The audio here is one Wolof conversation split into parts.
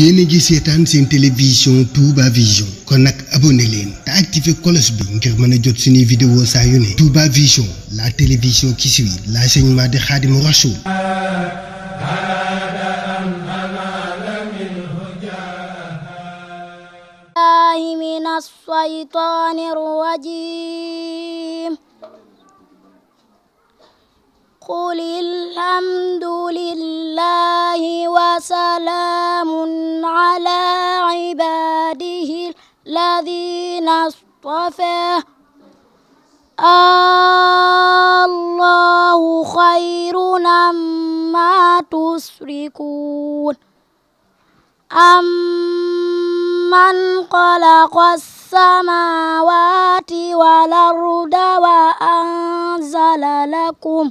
yéen a ngi seetaan seen télévision Touba Vision kon nag abonné leen te activé cloche bi ngir mën a jot suñuy nuy saa yu ne Touba Vision la télévision qui suit l'enseignement de Khadimou Rassoul min ash-shaytaani r-rajiim قل الحمد لله وسلام على عباده الذين اصطفى الله خير عما تشركون أمن خلق السماوات والأرض وأنزل لكم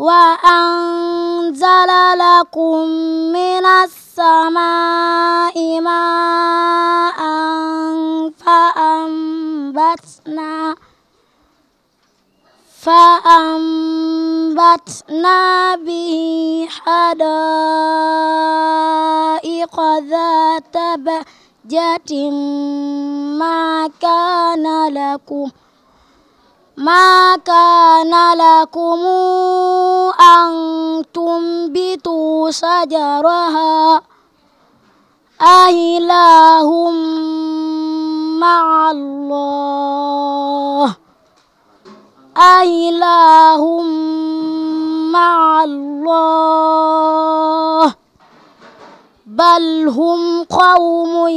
وأنزل لكم من السماء ماء فأنبتنا فأنبتنا به حدائق ذات بهجة ما كان لكم ما كان لكم أن تنبتوا شجرها أإله مع الله أإله مع الله بل هم قوم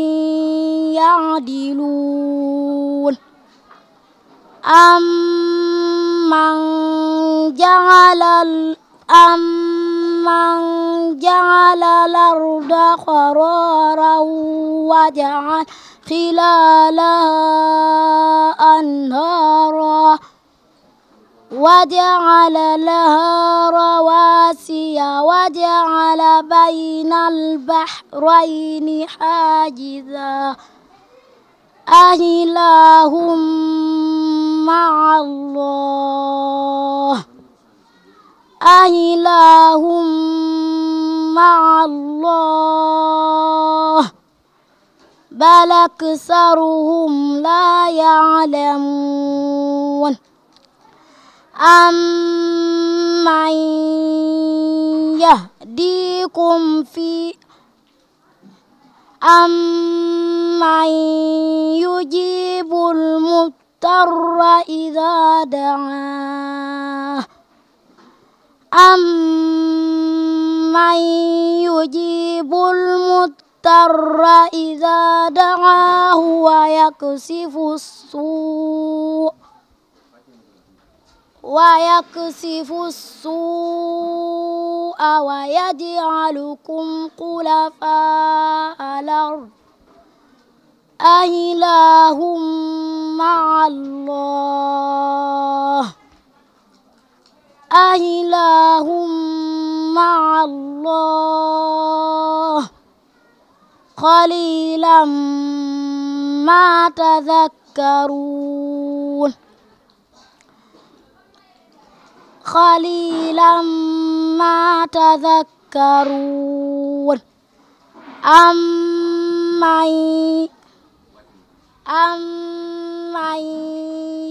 يعدلون أمن جعل أمن جعل الأرض قرارا وجعل خلالها أنهارا وجعل لها رواسي وجعل بين البحرين حاجزا أإله مع الله أإله مع الله بل أكثرهم لا يعلمون أمن يهديكم في أمن يجيب المضطر إذا دعاه أمن يجيب المضطر إذا دعاه ويكشف السوء ويكسف السوء ويجعلكم خلفاء الأرض أإله مع الله أإله مع الله قليلا ما تذكرون قليلا ما تذكرون أمن أمن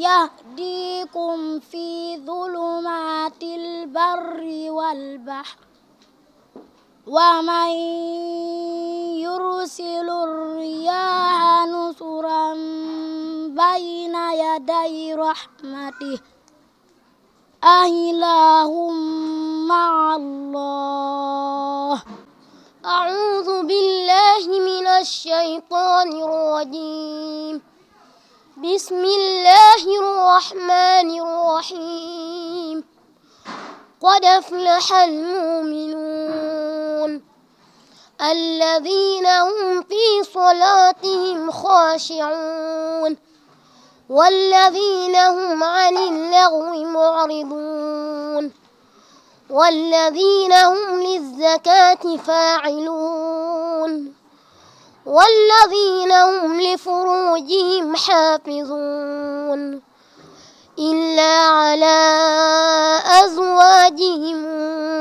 يهديكم في ظلمات البر والبحر ومن يرسل الرياح نصرا بين يدي رحمته أإله مع الله أعوذ بالله من الشيطان الرجيم بسم الله الرحمن الرحيم قد أفلح المؤمنون الذين هم في صلاتهم خاشعون والذين هم عن اللغو معرضون والذين هم للزكاة فاعلون والذين هم لفروجهم حافظون إلا على أزواجهم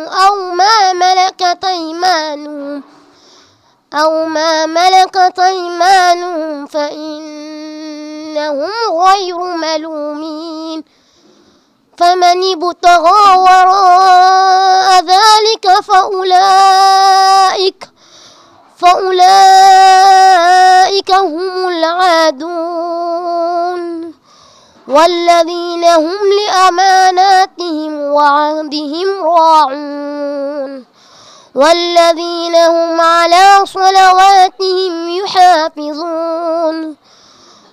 أو ما ملكت أيمانهم أو ما ملكت أيمانهم فإنهم غير ملومين فمن ابتغى وراء ذلك فأولئك فأولئك هم العادون والذين هم لأماناتهم وعهدهم راعون والذين هم على صلواتهم يحافظون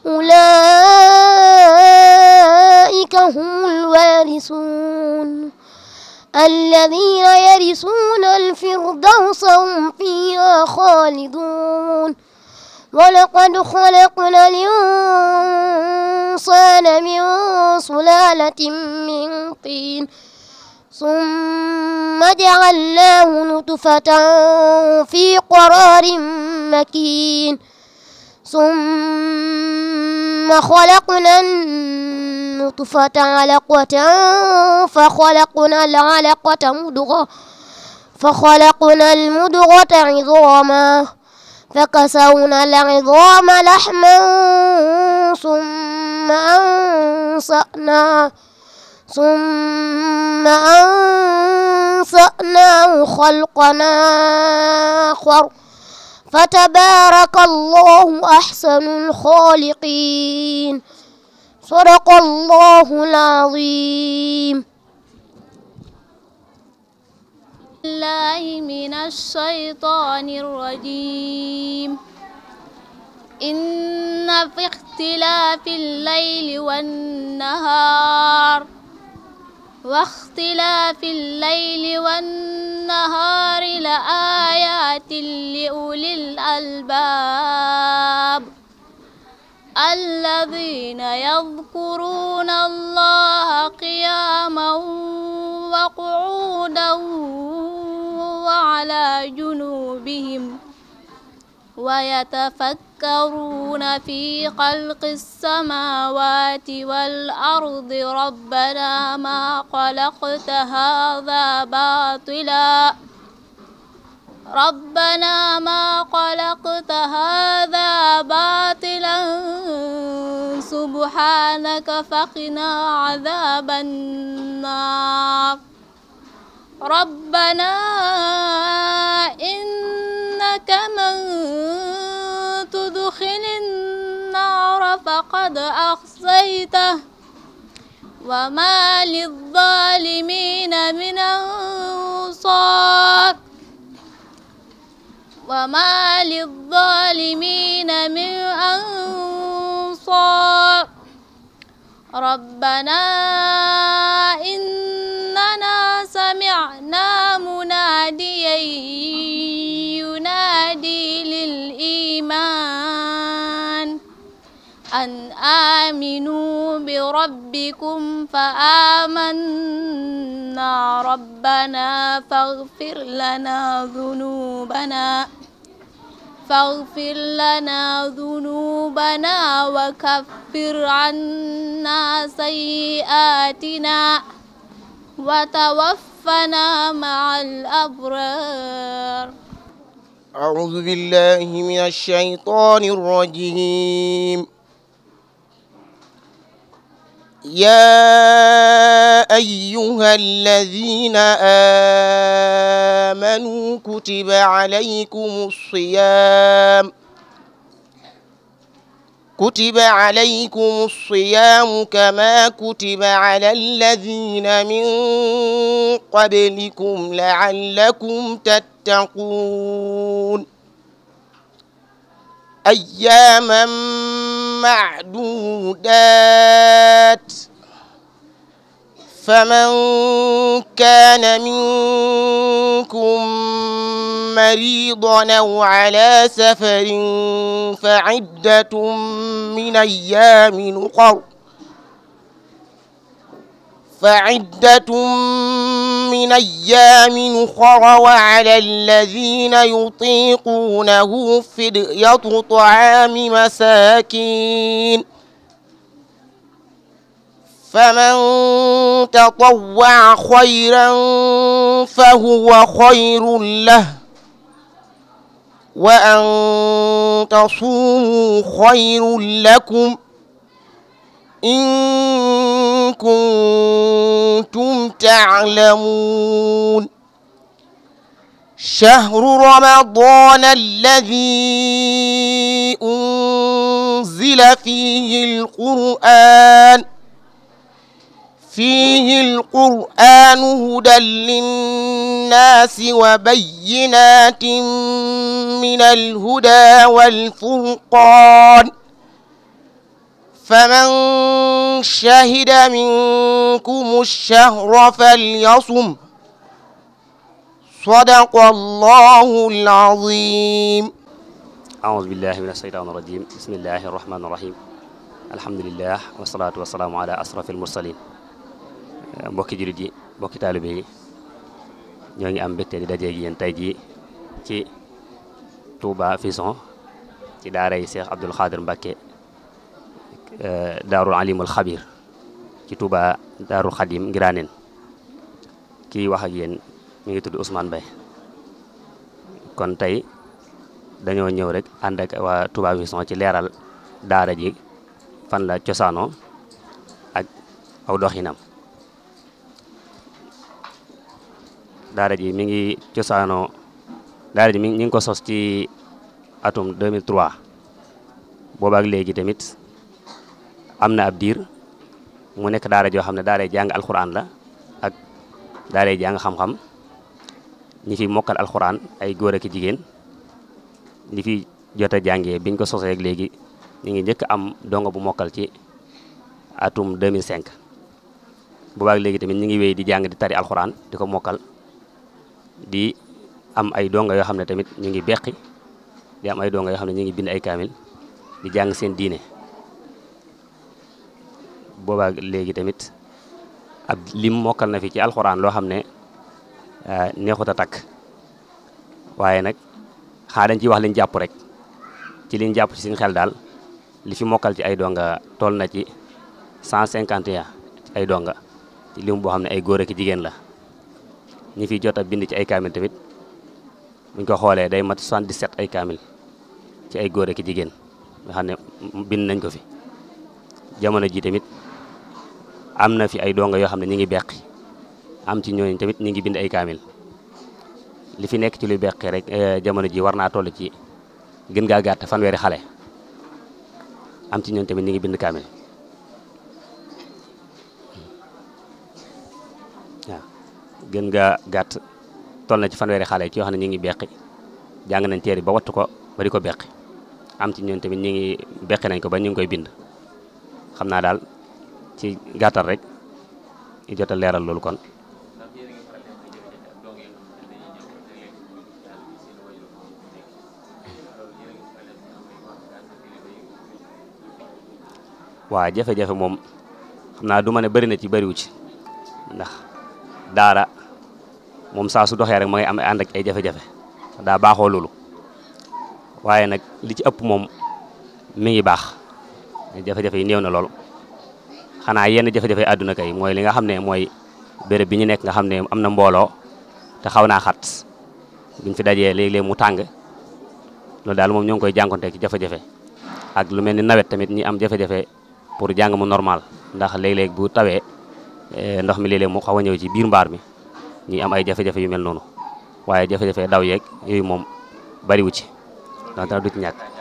أولئك هم الوارثون الذين يرثون الفردوس هم فيها خالدون ولقد خلقنا الإنسان من سلالة من طين ثم جعلناه نطفة في قرار مكين ثم خلقنا النطفة علقة فخلقنا العلقة مدغة فخلقنا المدغة عظاما فكسونا العظام لحما ثم أنشأناه ثم أنشأناه خلقا آخر فتبارك الله أحسن الخالقين صدق الله العظيم الله من الشيطان الرجيم إن في اختلاف الليل والنهار واختلاف الليل والنهار لآيات لأولي الألباب الذين يذكرون الله قياما وقعودا وعلى جنوبهم ويتفكرون في خلق السماوات والأرض ربنا ما خلقت هذا باطلا ربنا ما خلقت هذا باطلا سبحانك فقنا عذاب النار ربنا تدخل النار فقد أخزيته وما للظالمين من أنصار وما للظالمين من أنصار ربنا أن آمنوا بربكم فآمنا ربنا فاغفر لنا ذنوبنا فاغفر لنا ذنوبنا وكفر عنا سيئاتنا وتوفنا مع الأبرار أعوذ بالله من الشيطان الرجيم يا أيها الذين آمنوا كتب عليكم الصيام كتب عليكم الصيام كما كتب على الذين من قبلكم لعلكم تتقون أياما معدودات فمن كان منكم مريضا أو على سفر فعدة من أيام أخر فعدة من أيام أخر وعلى الذين يطيقونه فدية طعام مساكين فمن تطوع خيرا فهو خير له وأن تصوموا خير لكم ۖ إن كنتم تعلمون شهر رمضان الذي أنزل فيه القرآن فيه القرآن هدى للناس وبينات من الهدى والفرقان فمن شهد منكم الشهر فليصم صدق الله العظيم أعوذ بالله من الشيطان الرجيم بسم الله الرحمن الرحيم الحمد لله والصلاة والسلام على أشرف المرسلين mbokki jullit yi mbokki taalibe yi ñoo ngi am mbégte di dajeeg yéen tey jii ci Touba Fisson ci daaray Cheikh Abdoul Khadir Mbacké Eh, daarul alimul xabir ci Touba daarul xadim ngiraaneen kii wax ak yéen mu ngi tudd Ousmane Mbaye kon tey dañoo ñëw rek ànd ak waa Touba Vision ci leeral daara ji fan la cosaanoo ak aw doxinam daara ji mi ngi cosaanoo daara ji mi ngi ko sos ci atum 2003 boobaak léegi tamit am na ab diir mu nekk daara joo xam ne daaray jàng alxuraan la ak daaray jàng xam-xam ñi fi mokkal alxuraan ay góor ak jigéen li fi jot a jàngee biñ ko sosee léegi ñu ngi njëkk am dongo bu mokkal ci atum 2005 boobaak léegi tamit ñu ngi wéy di jàng di tari alxuraan di ko mokkal di am ay dongo yoo xam ne tamit ñu ngi beqi di am ay dongo yoo xam ne ñu ngi bind ay kaamil di jàng seen diine boobaa léegi tamit ab lim mokkal na fi ci alxuraan loo xam ne euh, neexut a takk waaye nag xaa dañ ciy wax liñ jàpp rek ci liñ jàpp ci suñ xel daal li fi mokkal ci ay donga tool na ci cent cinquante ya ay donga ci lim boo xam ne ay góor ak jigéen la ñi fi jot a bind ci ay kaamil tamit buñ ko xoolee day mat 77 ay kaamil ci ay góor ak jigéen nga xam ne bind nañ ko fi jamono ji tamit am na fi ay donga yoo xam ne ñu ngi beqi am ci ñooñu tamit ñu ngi bind ay kaamil li fi nekk ci luy beqi rek eh, jamono ji war naa toll ci gën gaa gàtt fanweeri xale am tamit ñu ngi bind kaamil gën gaa gàtt toll na ci fanweeri xale ci yoo xam ne ñu ngi beqi jàng nañ teer ba wattu ko ba di ko beqi am ci ñooñu tamit ñu ngi beqi nañ ko ba ñu ngi koy bind xam naa daal ci gàttal rek ñu jot leeral loolu kon waaw jafe-jafe moom xam naa du ma ne bëri na ci bëriwu ci ndax daara moom saa su doxee rek ma ngay am ànd ak ay jafe-jafe daa baaxoo loolu waaye nag li ci ëpp moom mi ngi baax jafe-jafe yi new na lool xanaa yenn jafe-jafe àdduna kay mooy li nga xam ne mooy béréb bi ñu nekk nga xam ne am na mbooloo te xaw naa xat buñ fi dajee léeg-léeg mu tàng loolu daal moom ñoo ngi koy jànkonte ci jafe-jafe ak lu mel ni nawet tamit ñi am jafe-jafe pour jàng mu normal ndax léeg-léeg bu tawee eh, ndox mi léeg-léeg mu xaw a ñëw ci biir mbaar mi ñi am ay jafe-jafe yu mel noonu waaye jafe-jafe daw yeeg yooyu moom bariwu ci ndax dara du ci ñàkk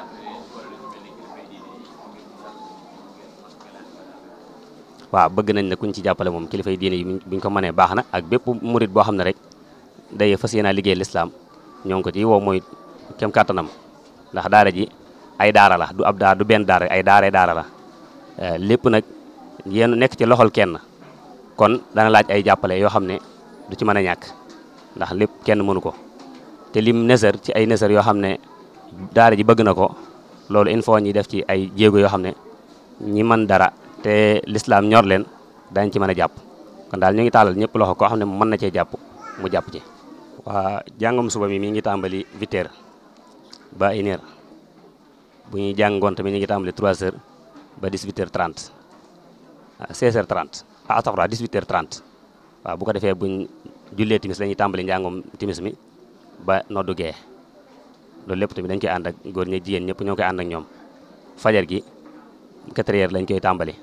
waaw bëgg nañ ne kuñ ci jàppale moom kilifa yi diine yi buñ ko mënee baax na ak bépp murit boo xam ne rek day fas yéenaa liggéey lislaam ñoo ko ci woo mooy kem kàttanam ndax daara ji ay daara la du ab daara du benn daara ay daara daara la eh, lépp nag yéen nekk ci loxol kenn kon dana laaj ay jàppale yoo xam ne du ci mën a ñàkk ndax lépp kenn mënu ko te lim nësër ci ay nësër yoo xam ne daara ji bëgg na ko loolu il ñi def ci ay jéego yoo xam ne ñi mën dara te lislaam ñor leen dañ ci mën a jàpp kon daal ñu ngi tàllal ñëpp loxo koo xam ne mu mën na cee jàpp mu jàpp ci waa jàngum suba mi mi ngi tàmbali huit ba une heure bu ñuy jàngoon tamit ñu ngi tàmbali trois heures ba dix-huit heures trente seize heures trente ah astafurlah dix-huit heures trente waaw bu ko defee buñ jullee timis lañuy tàmbali njàngum timis mi ba noddu gee loolu lépp tamit dañ koy ànd ak góor ñi jigéen ñëpp ñoo koy ànd ak ñoom fajar gi quatre heures lañ koy tàmbali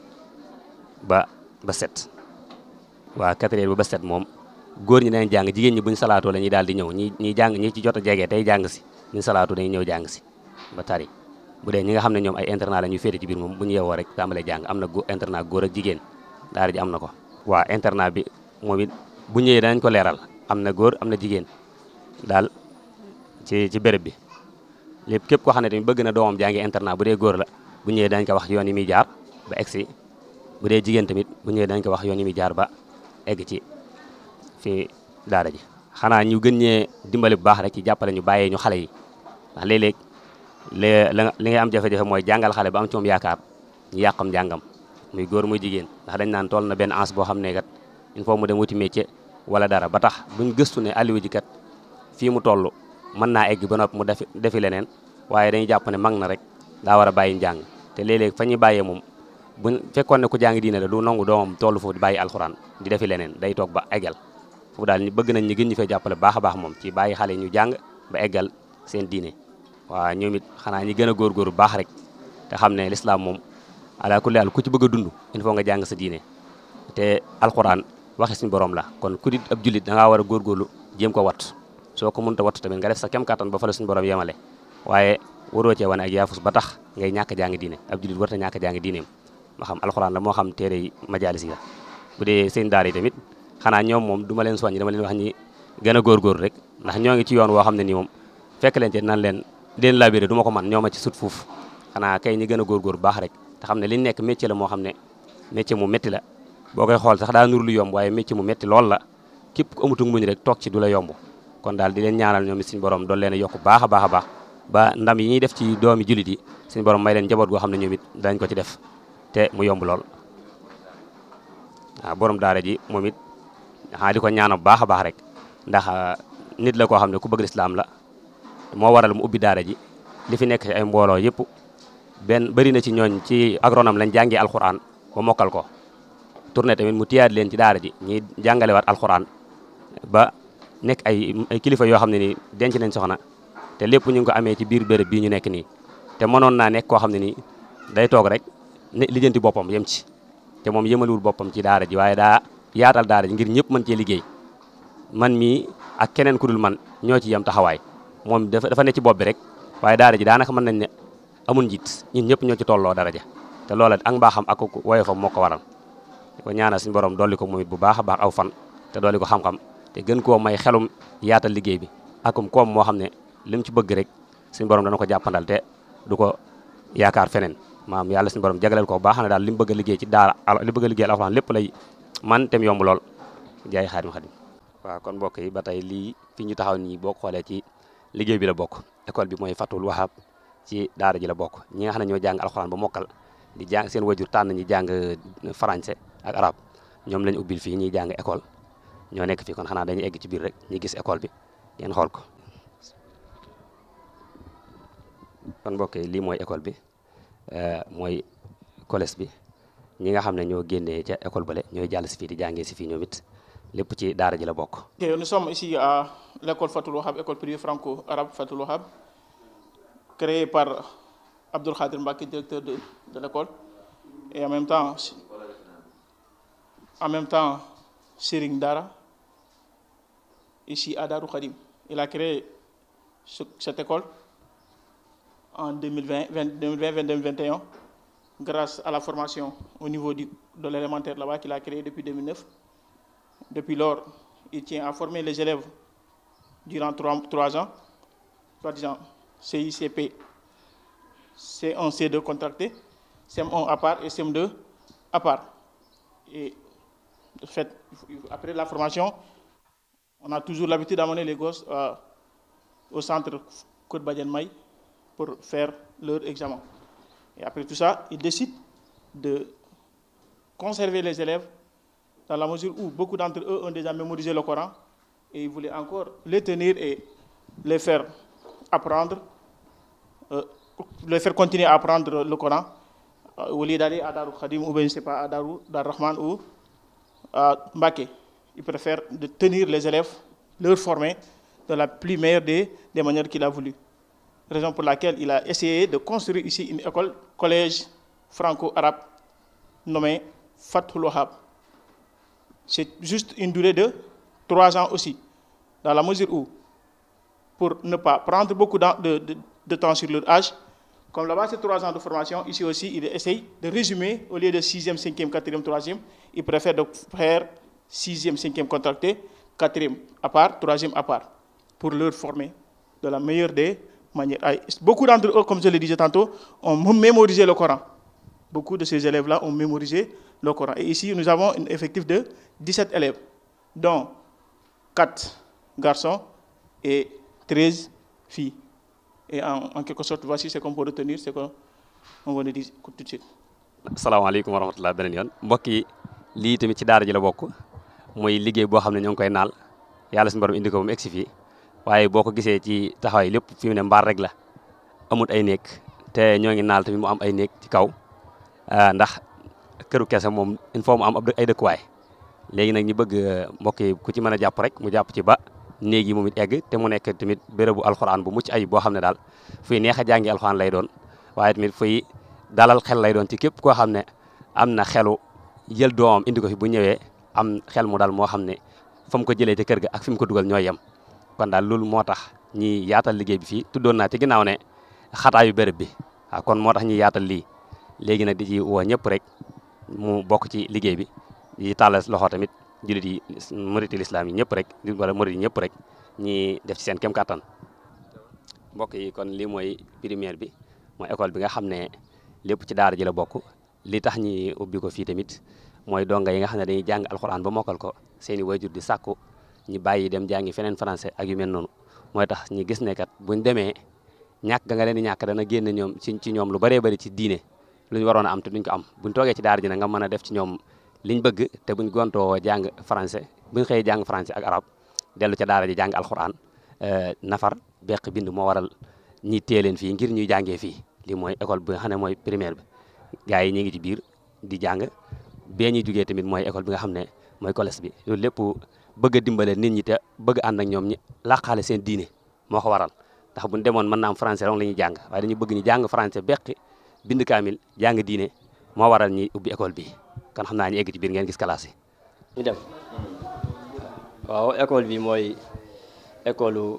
ba ba set waa quatre heures ba ba moom góor ñi dañ jàng jigéen ñi buñ salaatoo la ñuy daal di ñëw ñi ñi jàng ñi ci jot a jege tey jàng si buñ salaatoo dañuy ñëw jàng si ba tari bu dee ñi nga xam ne ñoom ay internat la ñu féete ci biir moom bu ñu yeewoo rek tàmbalee jàng am na internat góor ak jigéen daara ji am na ko waa internat bi moom it bu ñëwee danañ ko leeral am na góor am na jigéen daal ci ci béréb bi lépp képp koo xam ne tamit bëgg na doomam jàngi internat bu dee góor la bu ñëwee dañ ko wax yoon yi muy jaar ba egsi bu dee jigéen tamit bu ñëwee dañ ko wax yoon yi muy jaar ba egg ci fi daara ji xanaa ñu gën ñee dimbali bu baax rek ci jàppale ñu bàyyee ñu xale yi ndax léeg-léeg li ngay am jafe-jafe mooy jàngal xale ba am ci moom yaakaar ñu yàqam njàngam muy góor muy jigéen ndax dañ naan toll na benn ans boo xam ne kat il faut mu dem wuti métier wala dara ba tax buñ gëstu ne Aliou kat fii mu toll mën naa egg ba noppi mu defi defi leneen waaye dañuy jàpp ne mag na rek daa war a bàyyi njàng bu fekkoon ne ku jàngi diine la du nangu doomam tollu foofu di bàyyi alxuraan di defi leneen day toog ba eggal foofu daal bëgg nañ ñi gën ñu fay jàppale baax a baax moom ci bàyyi xale ñu jàng ba eggal seen diine waaw ñoom it xanaa ñi gën a góorgóor bu baax rek te xam ne lislaam moom ala kulli haal ku ci bëgg a dund in faut nga jàng sa diine te alxuraan waxi suñu borom la kon ku di ab jullit da ngaa war a góorgóorlu jéem ko wat soo ko mënut a wat tamit nga def sa kem kattan ba fa la suñu borom yemale waaye waroo cee wane ak yaafus ba tax ngay ñàkk jàng diine ab jullit warta ñàkk jàng diineem moo xam alxuraan la moo xam téere yi majaalis yi la bu dee seen daara yi tamit xanaa ñoom moom duma leen soññi dama leen wax ñi gën a góorgóorlu rek ndax ñoo ngi ci yoon woo xam ne nii moom fekk leen ci nan leen leen labiré du ma ko man ñoo ma ci sut fuuf xanaa kay ñi gën a góorgóor baax rek te xam ne li nekk métier la moo xam ne métier mu métti la boo koy xool sax daa nur lu yomb waaye métier mu métti lool la képp ku amutug muñ rek toog ci du la yomb kon daal di leen ñaanal ñoom suñu borom dool leen a yokk baax a baax a baax ba ndam yi ñuy def ci doomi julit yi borom may leen njaboot goo xam ne it dañ ko ci def te mu yomb lool waaw borom daara ji moom it di ko ñaanal bu baax a baax rek ndax ah, nit la koo xam ne ku bëgg lislaam la moo waral mu ubbi daara ji li fi nekk ci ay mbooloo yëpp benn bëri na ci ñooñ ci agronome lañ jàngee alxuraan ba mokkal ko tourné tamit mu tiyaat leen ci daara ji ñuy jàngalewaat alxuraan ba nekk ay ay kilifa yoo xam ne nii denc nañ soxna te lépp ñu ngi ko amee ci biir béréb bii ñu nekk nii te mënoon naa nekk koo xam ne nii day toog rek lijjanti boppam yam ci te moom yëmaliwul boppam ci daara ji waaye daa yaatal daara ji ngir ñëpp mën cee liggéey man mii ak keneen ku dul man ñoo ci yem taxawaay moom dafa dafa ne ci bopp bi rek waaye daara ji daanaka mën nañ ne amul njiit ñun ñëpp ñoo ci tolloo daraja te loola ak mbaaxam ak woyofam moo ko waral ko ñaanal suñu borom dolli ko moom bu baax a baax te dolli ko xam te gën koo may xelum yaatal liggéey bi akum koom moo xam ne li mu ci bëgg rek suñu borom dana ko jàppandal du ko yaakaar feneen maam yàlla suñu borom jagleel ko baax na daal li mu bëgg a liggéey ci daara li bëgg a liggéey alxuraan lépp lay man tem yomb lool jaay xaadim xaadim waaw kon mbokk yi ba tey lii fi ñu taxaw nii boo xoolee ci liggéey bi la bokk école bi mooy fatul wahab ci daara ji la bokk ñi xam ne ñoo jàng ba mokkal di jàng seen wajur tànn ñi jàng euh, français ak arab ñoom lañ ubbil fii ñuy jàng école ñoo nekk fii kon xanaa dañuy egg ci biir rek ñu gis école bi xool ko mbokk lii mooy école bi Euh, mooy collège bi ñi nga xam ne ñoo génnee ca école bale ñooy jàll si fii di jàngee si fii ñoom it lépp ci daara ji la bokk. ok nous sommes ici à l' école Fatul Wahab école privée franco-arabe Fatul Wahab créée par Abdoul Khadir Mbacke directeur de de en même temps en même temps Serigne Dara ici à Darou Khadim il a école. en 2020, 2020, 2021 grâce à la formation au niveau du, de l'élémentaire là-bas qu'il a créé depuis 2009. Depuis lors, il tient à former les élèves durant trois, trois ans, soit disant CICP, c un c de contracté, CM1 à part et CM2 à part. Et fait, après la formation, on a toujours l'habitude d'amener les gosses euh, au centre Côte Badiane-Maille pour faire leur examen. Et après tout ça, ils décident de conserver les élèves dans la mesure où beaucoup d'entre eux ont déjà mémorisé le Coran et ils voulaient encore les tenir et les faire apprendre, euh, les faire continuer à apprendre le Coran euh, au lieu d'aller à Darou Khadim ou bien je sais Dar Rahman ou à Mbaké. Ils de tenir les élèves, leur former de la plus meilleure des, des manières qu'il a voulu. raison pour laquelle il a essayé de construire ici une école, collège franco-arabe nommé Fathul Wahab. C'est juste une durée de trois ans aussi, dans la mesure où, pour ne pas prendre beaucoup de, de, de temps sur leur âge, comme là-bas c'est trois ans de formation, ici aussi il essaye de résumer, au lieu de sixième, cinquième, quatrième, troisième, il préfère donc faire sixième, cinquième contracté, quatrième à part, troisième à part, pour leur former de la meilleure des manière. Beaucoup d'entre eux, comme je le disais tantôt, ont mémorisé le Coran. Beaucoup de ces élèves-là ont mémorisé le Coran. Et ici, nous avons un effectif de 17 élèves, dont 4 garçons et filles. Et en, quelque sorte, voici ce qu'on peut retenir, ce qu'on va dire tout de suite. salaamaaleykum wa rahmatulah beneen yoon mbokk yi lii tamit ci daar ji la bokk mooy liggéey boo xam ne ñoo ngi koy naal yàlla suñu borom indi ko ba mu egsi fii waaye boo ko gisee ci taxawaay lépp fi ne mbaar rek la amut ay néeg te ñoo ngi naal tamit mu am ay néeg ci kaw ah, ndax këru kese moom il faut mu am ay dëkkuwaay léegi nag ñu bëgg euh, mbokk yi ku ci mën a jàpp rek mu jàpp ci ba néeg yi moom it egg te mu nekk tamit bérébu alxuraan bu mucc ay boo xam ne daal fuy neex a jàngi alxuraan lay doon waaye tamit fuy dalal xel lay doon ci képp koo xam ne am na xelu jël doomam indi ko fi bu ñëwee am xel mu daal moo xam ne fa ko jëlee te kër ga ak fi mu ko dugal ñooy yem kon daal loolu moo tax ñi yaatal liggéey bi fii tuddoon naa ci ginnaaw ne xataayu béréb bi kon moo tax ñi yaatal lii léegi nag di ci woo ñëpp rek mu bokk ci liggéey bi di tàllal loxo tamit jullit yi muritul islam yi ñëpp rek wala murit yi ñëpp rek ñi def ci seen kem kàttan mbokk yi kon lii mooy primaire bi mooy école bi nga xam ne lépp ci daar ji la bokk li tax ñi ubbi ko fii tamit mooy donga yi nga xam ne dañuy jàng alxuraan ba mokkal ko seeni wayjur di sàkku ñu bàyyi dem jàngi feneen français ak yu noonu mooy tax ñu gis ne kat buñ demee ñàkk ga nga leen di ñàkk dana génn ñoom ci ci ñoom lu bëree bëri ci diine lu ñu waroon a am te duñ ko am buñ toogee ci daara ji na nga mën a def ci ñoom liñ bëgg te buñ gontoo jàng français buñ xëyee jàng français ak arab dellu ci daara ji jàng alxuraan euh, nafar beq bind moo waral ñi tee leen fii ngir ñuy jàngee fii lii mooy école bi nga xam ne mooy primaire bi gars yi ñu ngi ci biir di jàng bee ñuy jugee tamit mooy école bi nga xam ne mooy collège bi lépp bëgg a dimbale nit ñi te bëgg ànd ak ñoom ñi làqaale seen diine moo ko waral ndax bu ñu demoon man naa am français rong la ñuy jàng waaye dañu bëgg ñu jàng français beqi bind kaamil jàng diine moo waral ñi ubbi école bi kon xam naa ñu egg ci biir ngeen gis kalaas yi. ñu dem waaw école bi mooy école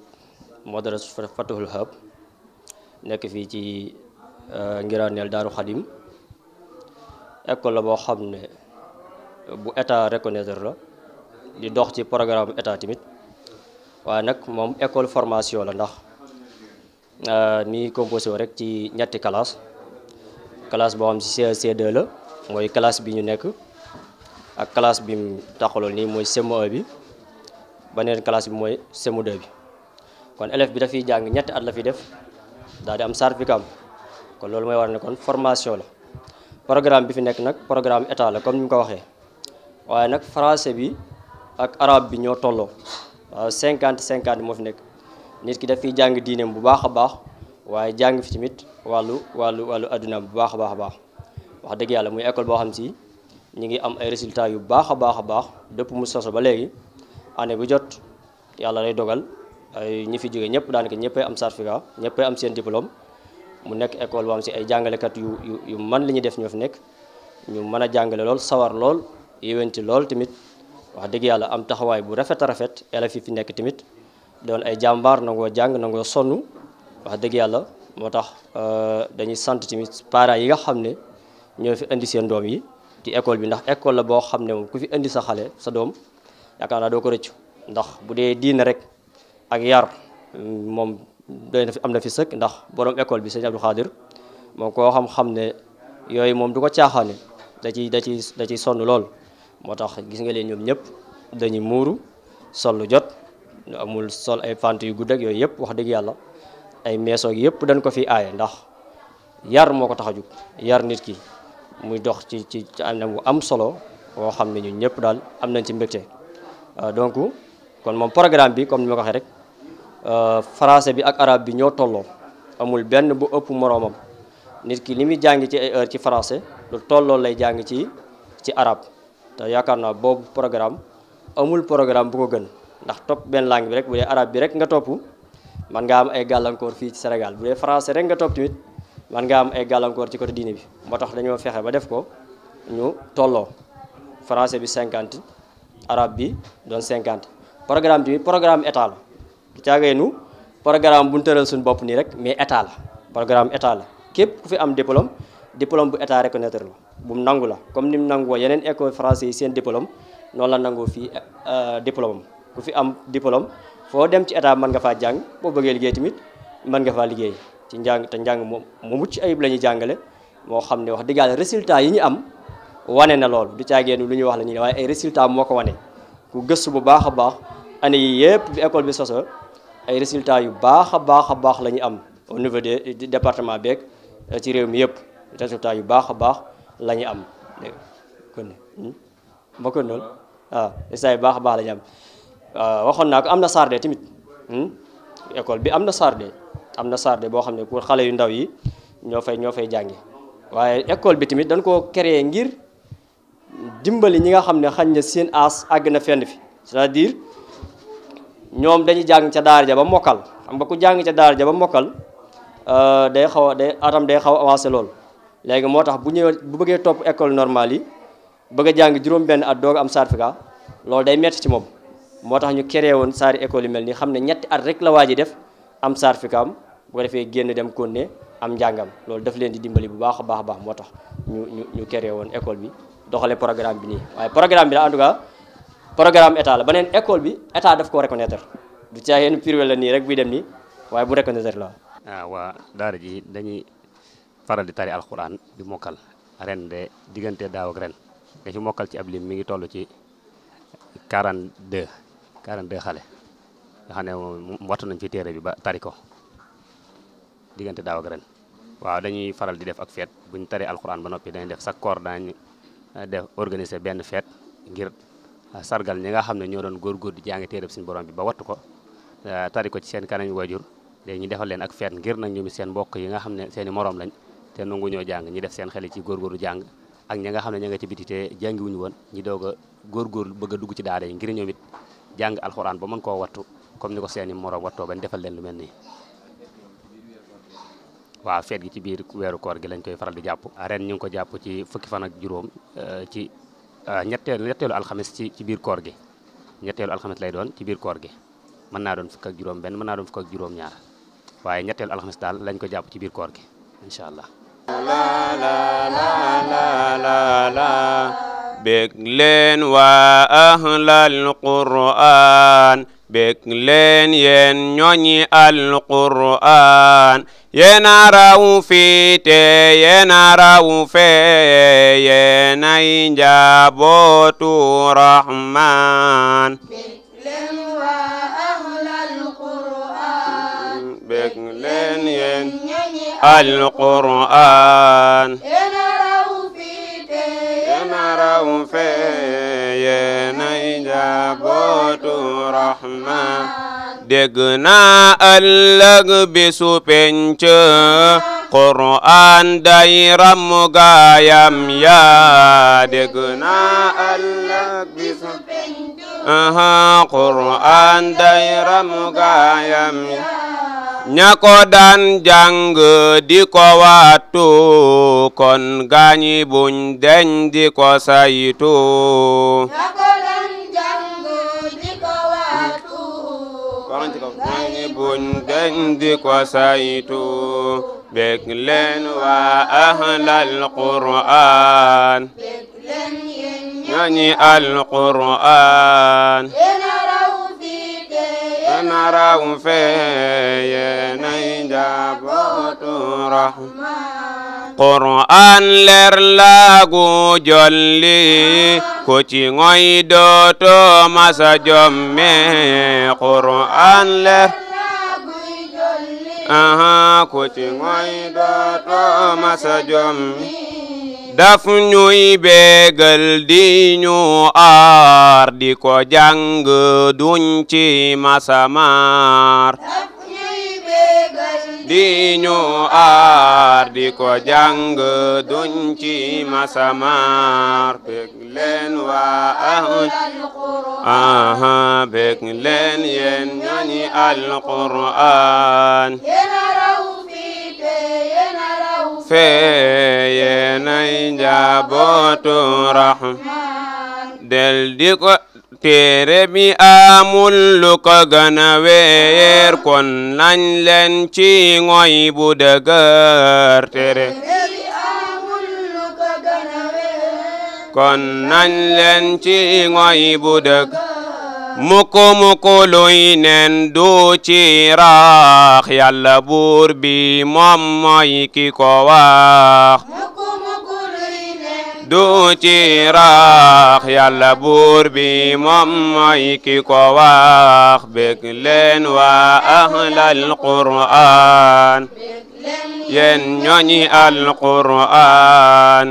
Madras Fatahul Hab nekk fii ci euh, Ngiraneel Daaru Xadim école la boo xam ne bu état reconnaître la. di dox ci programme état tamit waaye nag moom école formation la ndax mi euh, composé rek ci ñetti classe classe boo xam ci CE2 la mooy classe bi ñu nekk ak bi mu taxawal nii mooy cm e bi beneen classe bi mooy cm e bi kon élève bi dafay jàng ñetti at la fi def daal di am loolu mooy war ne formation la programme bi fi nekk nag programme état la comme ni mu ko waxee waaye nag français bi. ak araab bi ñoo tolloo waaw cinquante cinquante moo fi nekk nit ki dafay jàng diineem bu baax a baax waaye jàng fi tamit wàllu wàllu wàllu addunaam bu baax a baax a baax wax dëgg yàlla muy école boo xam si ñu ngi am ay résultat yu baax a baax a baax dëpp mu soso ba léegi année bu jot yàlla lay dogal ay ñi fi jógee ñëpp daanaka ñëppay am certificat ñëppay am seen diplôme mu nekk école boo xam si ay jàngalekat yu yu yu man li ñuy def ñoo fi nekk ñu mën a jàngale lool sawar lool wax dëgg yàlla am taxawaay bu rafet a rafet élèves yi fi nekk tamit doon ay jàmbaar nangoo jàng nangoo sonn wax dëgg yàlla moo tax euh, dañuy sant tamit parents yi nga xam ne ñoo fi indi seen doom yi ci école bi ndax école la boo xam ne moom ku fi indi sa xale sa doom yaakaar naa doo ko rëccu ndax bu dee diine rek ak yar moom doo na fi am na fi sëkk ndax borom école bi sëñ Abdou Khadir moom koo xam-xam ne yooyu moom du ko caaxaane da ciy da ciy da ciy sonn lool moo tax gis nga leen ñoom ñëpp dañuy muuru sol lu jot amul sol ay fant yu gudd ak yooyu yëpp wax dëgg yàlla ay meesoog yëpp dañ ko fi aaye ndax yar moo ko tax a jug yar nit ki muy dox ci ci anam wu am solo woo xam ne ñu ñëpp daal am nañ ci mbégte euh, donc kon moom programme bi comme ni ma ko waxee rek euh, français bi ak arab bi ñoo tolloo amul benn bu ëpp moroomam nit ki li muy jàng ci ay heure ci français lu tolloo lay jàng ci ci arabe te yaakaar naa boobu programme amul programme bu ko gën ndax topp benn langue bi rek bu dee arabe bi rek nga topp man nga am ay gàllankoor fii ci Sénégal bu dee français rek nga topp tamit man nga am ay gàllankoor ci côté diine bi moo tax dañoo fexe ba def ko ñu tolloo français bi cinquante arab bi doon cinquante programme tamit programme état la ki caageenu programme bu ñu tëral suñu bopp nii rek mais état la programme état la képp ku fi am diplôme diplôme bu état reconnaître la bu mu nangu la comme ni mu nangoo yeneen école français yi seen diplôme noonu la nangoo fii euh, diplôme ku fi am diplôme foo dem ci état mën nga faa jàng boo bëggee liggéey tamit mën nga faa liggéey ci njàng te njàng moom mu mucc ayib la ñuy jàngale moo xam ne wax dëgg yàlla résultat yi ñu am wane na loolu du caageenu lu ñuy wax la ñuy waaye ay résultat moo ko wane ku gëstu bu baax a baax année yi yëpp bi école bi soso ay résultats yu baax a baax a baax la ñu am au niveau de département beeg euh, ci réew mi yëpp résultat yu baax a baax lañu am kon mbokk yu baax a baax la ñu hmm? ah, waxoon naa ko am na sarde tamit hmm? école bi am na sarde am na sarde boo xam ne pour xale yu ndaw yi ñoo fay ñoo fay jàngi waaye école bi tamit dañ koo créer ngir dimbali ñi nga xam ne xañ na seen aas àgg na fenn fi c'est-à-dire ñoom dañuy jàng ca daara ja ba mokkal xam nga ku jàng ca daara ja ba mokkal ah, day xaw a day atam day xaw a avancé loolu léegi moo tax bu ñëwee bu bëggee topp école normal yi bëgg a juróom-benn at doog am certificat loolu day metti ci moom moo tax ñu keree woon saari école yi mel nii xam ne ñetti at rek la waa ji def am certificat am bu ko defee génn dem ne am njàngam loolu daf leen di dimbali bu baax a baax a baax moo tax ñu ñu ñu créé woon école bi doxale programme bi nii waaye programme bi la en tout cas programme état la beneen école bi état daf koo reconnaître du caa yenn privé la nii rek buy dem nii waaye bu reconnaître la waaw ah, waa faral di tari alxuraan di mokkal ren de diggante daaw ren nga mokkal ci ab lim mi ngi toll ci 42 42 xale nga xam ne moom wattu nañ fi téere bi ba tari ko diggante daaw ak ren waaw dañuy faral di def ak feet bu tari alxuraan ba noppi dañuy def sa koor daañu def organiser benn feet ngir sargal ñi nga xam ne ñoo doon góor-góor di jàngi téere bi suñu borom bi ba wattu ko tari ko ci seen kanam waajur de ñu defal leen ak feet ngir nag ñu seen mbokk yi nga xam ne seeni moroom lañ te nangu ñoo jàng ñi def seen xel ci góor góorgóorlu jàng ak ña nga xam ne ña nga ci biti te jàngiwuñu woon ñi doog a góorgóorlu bëgg a dugg ci daara yi ngir ñoom it jàng alxuraan ba man koo wattu comme ni ko seeni moroom wattoo bañ defal leen lu mel nii waaw feet gi ci biir weeru koor gi lañ koy faral di jàpp ren ñu ngi ko jàpp ci fukki fan ak juróom eh, ci eh, ñetteelu ñetteelu alxames ci ci biir koor gi ñetteelu alxames lay doon ci biir koor gi mën naa doon fukk ak juróom benn mën naa doon fukk ak juróom ñaar waaye ñetteelu alxames lañ ko jàpp ci biir koor gi incha allah bég leen waa ahlal qur'aan bég leen yéen ñoñi al qur'aan yéen a raw fii te yéen a raw fee yéen ay njabootu rahmaan alquran yenaraw fi te yenaraw fe yenay njabootu rahman dégg naa ëllëg bi su quran day ram gaayam ña ko daan jàng di ko wattu kon gaañi buñ deñ di ko saytu ña ko daan jàng di ko naraw feeye nay njabootu rahmaan qur'aan leer laagu jolli ku ci ngoy dootoo masa jomme qur'aan leer aha ku ci ngoy dootoo masa jomme daf ñuy bégal di ñu aar di ko jàng duñ ci masamaar daf ñuy bégal di ñu aar di ko jàng qur'an feeye nay njabootu rahmaan del di ko téere bi amul lu ko gën weer kon nañ leen ci ngoy bu dëgër téere bi amul lu ko gën weer kon nañ leen ci ngoy bu dëgër mukk-mukk luy nen du ci raax yàlla buur bi moom ki ko wax du ci raax yàlla buur bi moom mooy ki ko wax bég leen qur'aan yéen ñooñi al qur'aan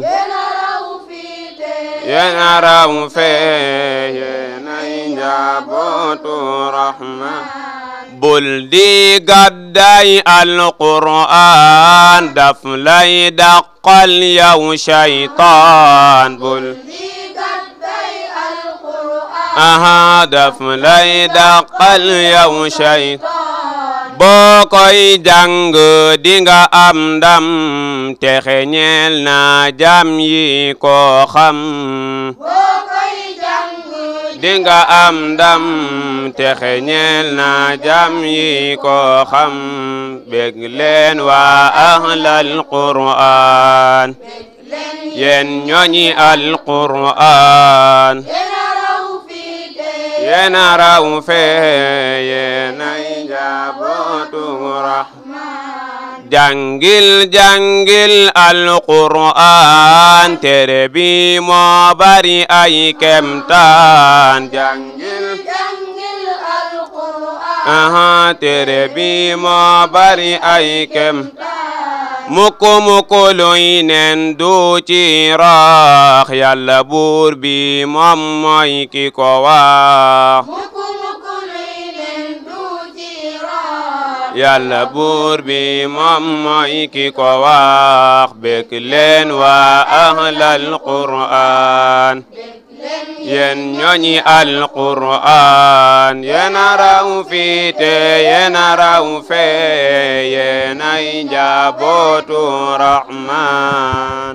bul di gàdday alquraan daf lay dàqal yow shaytaan bul aha daf lay dàqal boo koy jàng di nga am ndam texe ñeel na jam yi ko xam di nga am ndam texe ñeel na jam yi ko xam bég leen waa ahlal qur'aan yéen ñooñi al qur'aan jàngil jàngil alquran téere bi moo bi moo bari ay kemtaan muku muku luy nen du ci raax yàlla buur bi moom mooy ki ko yàlla buur bi moom mooy ki ko wax bég leen waa ahlal qur'aan yéen ñooñi al qur'aan yéen a fii te yéen a fee yéen ay njabootu rahmaan